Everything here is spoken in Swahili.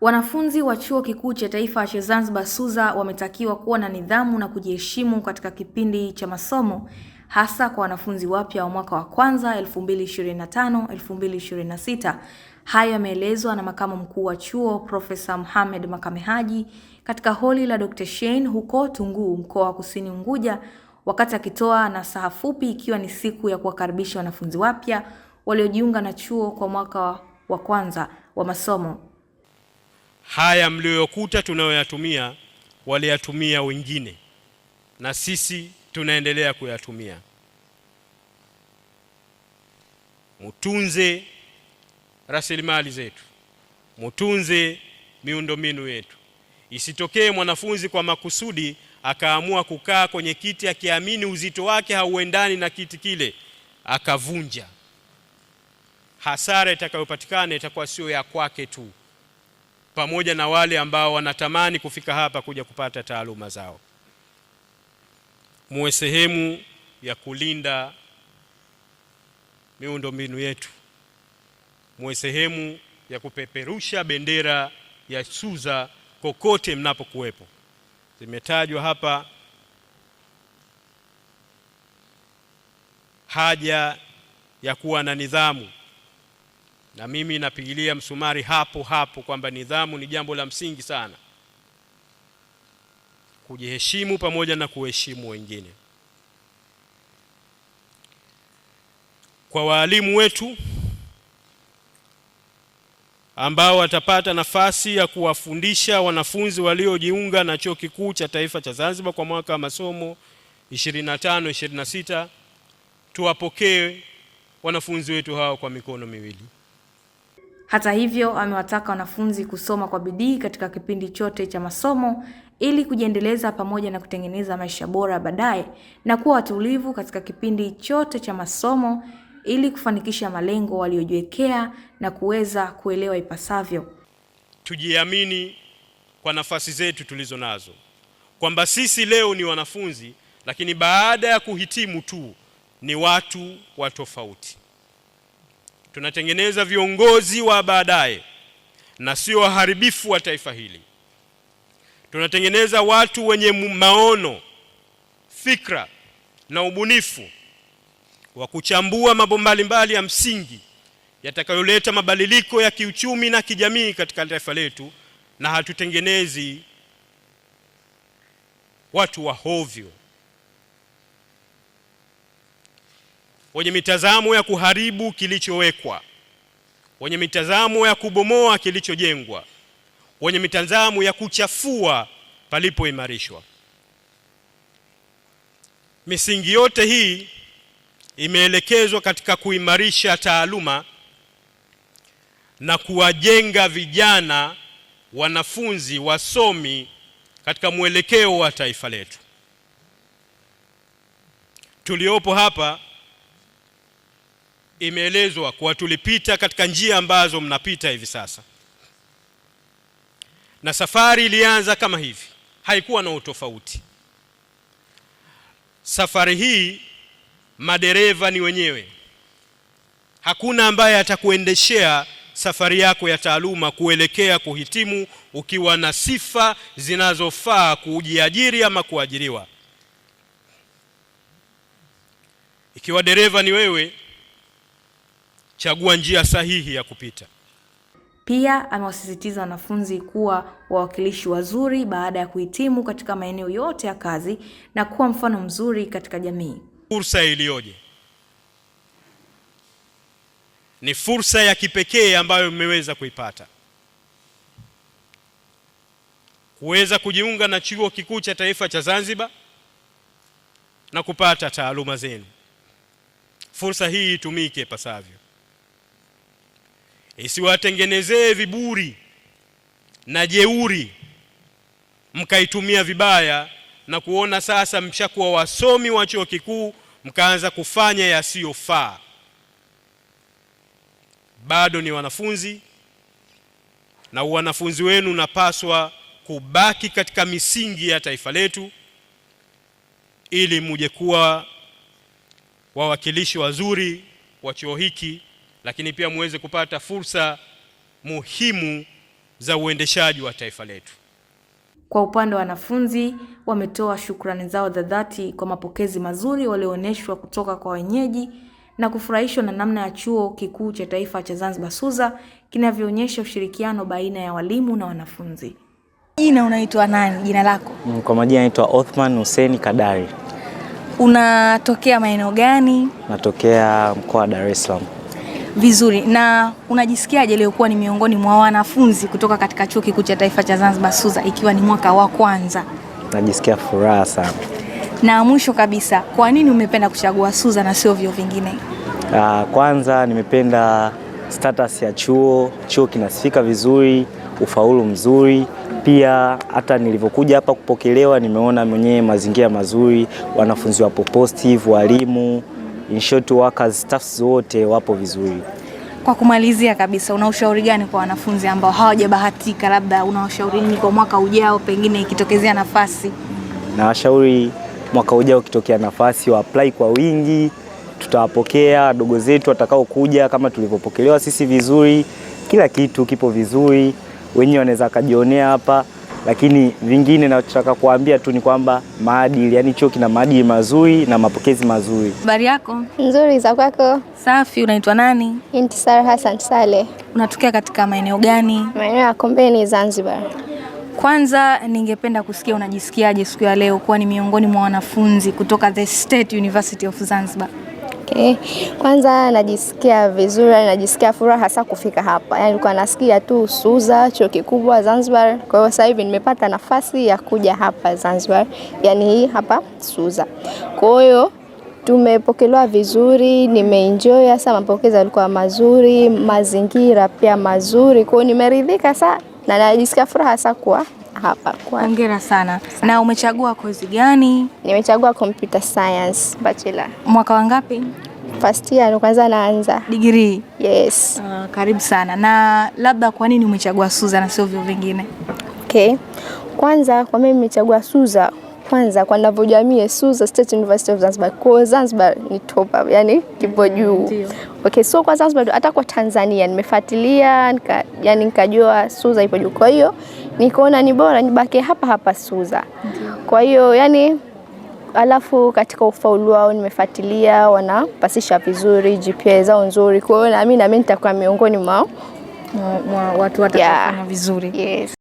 Wanafunzi wa Chuo Kikuu cha Taifa cha Zanzibar SUZA wametakiwa kuwa na nidhamu na kujiheshimu katika kipindi cha masomo hasa kwa wanafunzi wapya wa mwaka wa kwanza 2025 2026. Hayo yameelezwa na makamu mkuu wa chuo Profesa Mohamed Makame Haji katika holi la Dr. Shein huko Tunguu, mkoa wa Kusini Unguja, wakati akitoa nasaha fupi ikiwa ni siku ya kuwakaribisha wanafunzi wapya waliojiunga na chuo kwa mwaka wa kwanza wa masomo haya mliyokuta tunayoyatumia waliyatumia wengine, na sisi tunaendelea kuyatumia. Mutunze rasilimali zetu, mutunze miundombinu yetu. Isitokee mwanafunzi kwa makusudi akaamua kukaa kwenye kiti akiamini uzito wake hauendani na kiti kile akavunja. Hasara itakayopatikana itakuwa sio ya kwake tu pamoja na wale ambao wanatamani kufika hapa kuja kupata taaluma zao. Muwe sehemu ya kulinda miundombinu yetu, muwe sehemu ya kupeperusha bendera ya SUZA kokote mnapokuwepo. Zimetajwa hapa haja ya kuwa na nidhamu na mimi napigilia msumari hapo hapo kwamba nidhamu ni jambo la msingi sana, kujiheshimu pamoja na kuheshimu wengine. Kwa waalimu wetu ambao watapata nafasi ya kuwafundisha wanafunzi waliojiunga na Chuo Kikuu cha Taifa cha Zanzibar kwa mwaka wa masomo 25 26, tuwapokee wanafunzi wetu hao kwa mikono miwili. Hata hivyo, amewataka wanafunzi kusoma kwa bidii katika kipindi chote cha masomo ili kujiendeleza pamoja na kutengeneza maisha bora baadaye na kuwa watulivu katika kipindi chote cha masomo ili kufanikisha malengo waliojiwekea na kuweza kuelewa ipasavyo. Tujiamini kwa nafasi zetu tulizo nazo, kwamba sisi leo ni wanafunzi, lakini baada ya kuhitimu tu ni watu wa tofauti tunatengeneza viongozi wa baadaye na sio waharibifu wa taifa hili. Tunatengeneza watu wenye maono, fikra na ubunifu wa kuchambua mambo mbalimbali ya msingi yatakayoleta mabadiliko ya kiuchumi na kijamii katika taifa letu, na hatutengenezi watu wa hovyo. wenye mitazamo ya kuharibu kilichowekwa, wenye mitazamo ya kubomoa kilichojengwa, wenye mitazamo ya kuchafua palipoimarishwa. Misingi yote hii imeelekezwa katika kuimarisha taaluma na kuwajenga vijana wanafunzi wasomi katika mwelekeo wa taifa letu. Tuliopo hapa imeelezwa kuwa tulipita katika njia ambazo mnapita hivi sasa, na safari ilianza kama hivi, haikuwa na utofauti. Safari hii madereva ni wenyewe, hakuna ambaye atakuendeshea safari yako ya taaluma kuelekea kuhitimu ukiwa na sifa zinazofaa kujiajiri ama kuajiriwa. Ikiwa dereva ni wewe chagua njia sahihi ya kupita. Pia amewasisitiza wanafunzi kuwa wawakilishi wazuri baada ya kuhitimu katika maeneo yote ya kazi na kuwa mfano mzuri katika jamii. Fursa iliyoje! Ni fursa ya kipekee ambayo mmeweza kuipata kuweza kujiunga na Chuo Kikuu cha Taifa cha Zanzibar na kupata taaluma zenu. Fursa hii itumike ipasavyo isiwatengenezee viburi na jeuri, mkaitumia vibaya na kuona sasa mshakuwa wasomi wa chuo kikuu, mkaanza kufanya yasiyofaa. Bado ni wanafunzi, na wanafunzi wenu napaswa kubaki katika misingi ya taifa letu, ili mujekuwa kuwa wawakilishi wazuri wa chuo hiki lakini pia muweze kupata fursa muhimu za uendeshaji wa taifa letu. Kwa upande wa wanafunzi, wametoa shukrani zao za dhati kwa mapokezi mazuri walioonyeshwa kutoka kwa wenyeji na kufurahishwa na namna ya Chuo Kikuu cha Taifa cha Zanzibar SUZA kinavyoonyesha ushirikiano baina ya walimu na wanafunzi. Jina unaitwa nani? Jina lako? Mm, kwa majina naitwa Othman Hussein Kadari. Unatokea maeneo gani? Natokea mkoa wa Dar es Salaam vizuri. Na unajisikiaje leo kuwa ni miongoni mwa wanafunzi kutoka katika Chuo Kikuu cha Taifa cha Zanzibar SUZA ikiwa ni mwaka wa kwanza? Najisikia furaha sana. Na mwisho kabisa, kwa nini umependa kuchagua SUZA na sio vyuo vingine? Uh, kwanza nimependa status ya chuo, chuo kinasifika vizuri, ufaulu mzuri pia hata nilivyokuja hapa kupokelewa, nimeona mwenyewe mazingira mazuri, wanafunzi wapo positive, walimu in short workers staffs wote wapo vizuri. Kwa kumalizia kabisa, una ushauri gani kwa wanafunzi ambao hawajabahatika, labda unawashauri nini kwa mwaka ujao, pengine ikitokezea nafasi? Na washauri mwaka ujao ukitokea nafasi, wa apply kwa wingi, tutawapokea wadogo zetu watakaokuja kama tulivyopokelewa sisi vizuri. Kila kitu kipo vizuri, wenyewe wanaweza wakajionea hapa lakini vingine nachotaka kuambia tu ni kwamba maadili, yani chuo kina maadili mazuri na mapokezi mazuri. Habari yako? Nzuri, za kwako? Safi. Unaitwa nani? Intisar Hassan Sale. Unatokea katika maeneo gani? Maeneo ya Kombeni, Zanzibar. Kwanza ningependa kusikia unajisikiaje siku ya leo kuwa ni miongoni mwa wanafunzi kutoka The State University of Zanzibar? Eh, kwanza najisikia vizuri, najisikia furaha hasa kufika hapa. Yaani nilikuwa nasikia tu Suza, chuo kikubwa Zanzibar. Kwa hiyo sasa hivi nimepata nafasi ya kuja hapa Zanzibar, yaani hii hapa Suza. Kwa hiyo tumepokelewa vizuri, nimeenjoy hasa, mapokezi yalikuwa mazuri, mazingira pia mazuri. Kwa hiyo nimeridhika sana na najisikia furaha sana kuwa hapa kwa. Hongera sana. Na umechagua kozi gani? Nimechagua computer science bachelor. Mwaka wangapi? First year ndo kwanza naanza degree. Yes. Uh, karibu sana. Na labda kwa nini umechagua Suza na sio vyo vingine? Okay. Kwanza kwa mimi nimechagua Suza kwanza kwa ninavyojamii Suza State University of Zanzibar. Kwa Zanzibar ni top up, yani kipo mm, juu. Mm, okay, so kwa Zanzibar hata kwa Tanzania nimefuatilia nika, yani nikajua Suza ipo juu. Kwa hiyo nikaona ni bora nibaki hapa hapa Suza. Kwa hiyo yani, alafu katika ufaulu wao nimefuatilia, wanapasisha vizuri, GPA zao nzuri, kwa hiyo nami nami nitakuwa miongoni mwao mwa watu watafanya vizuri. Yes.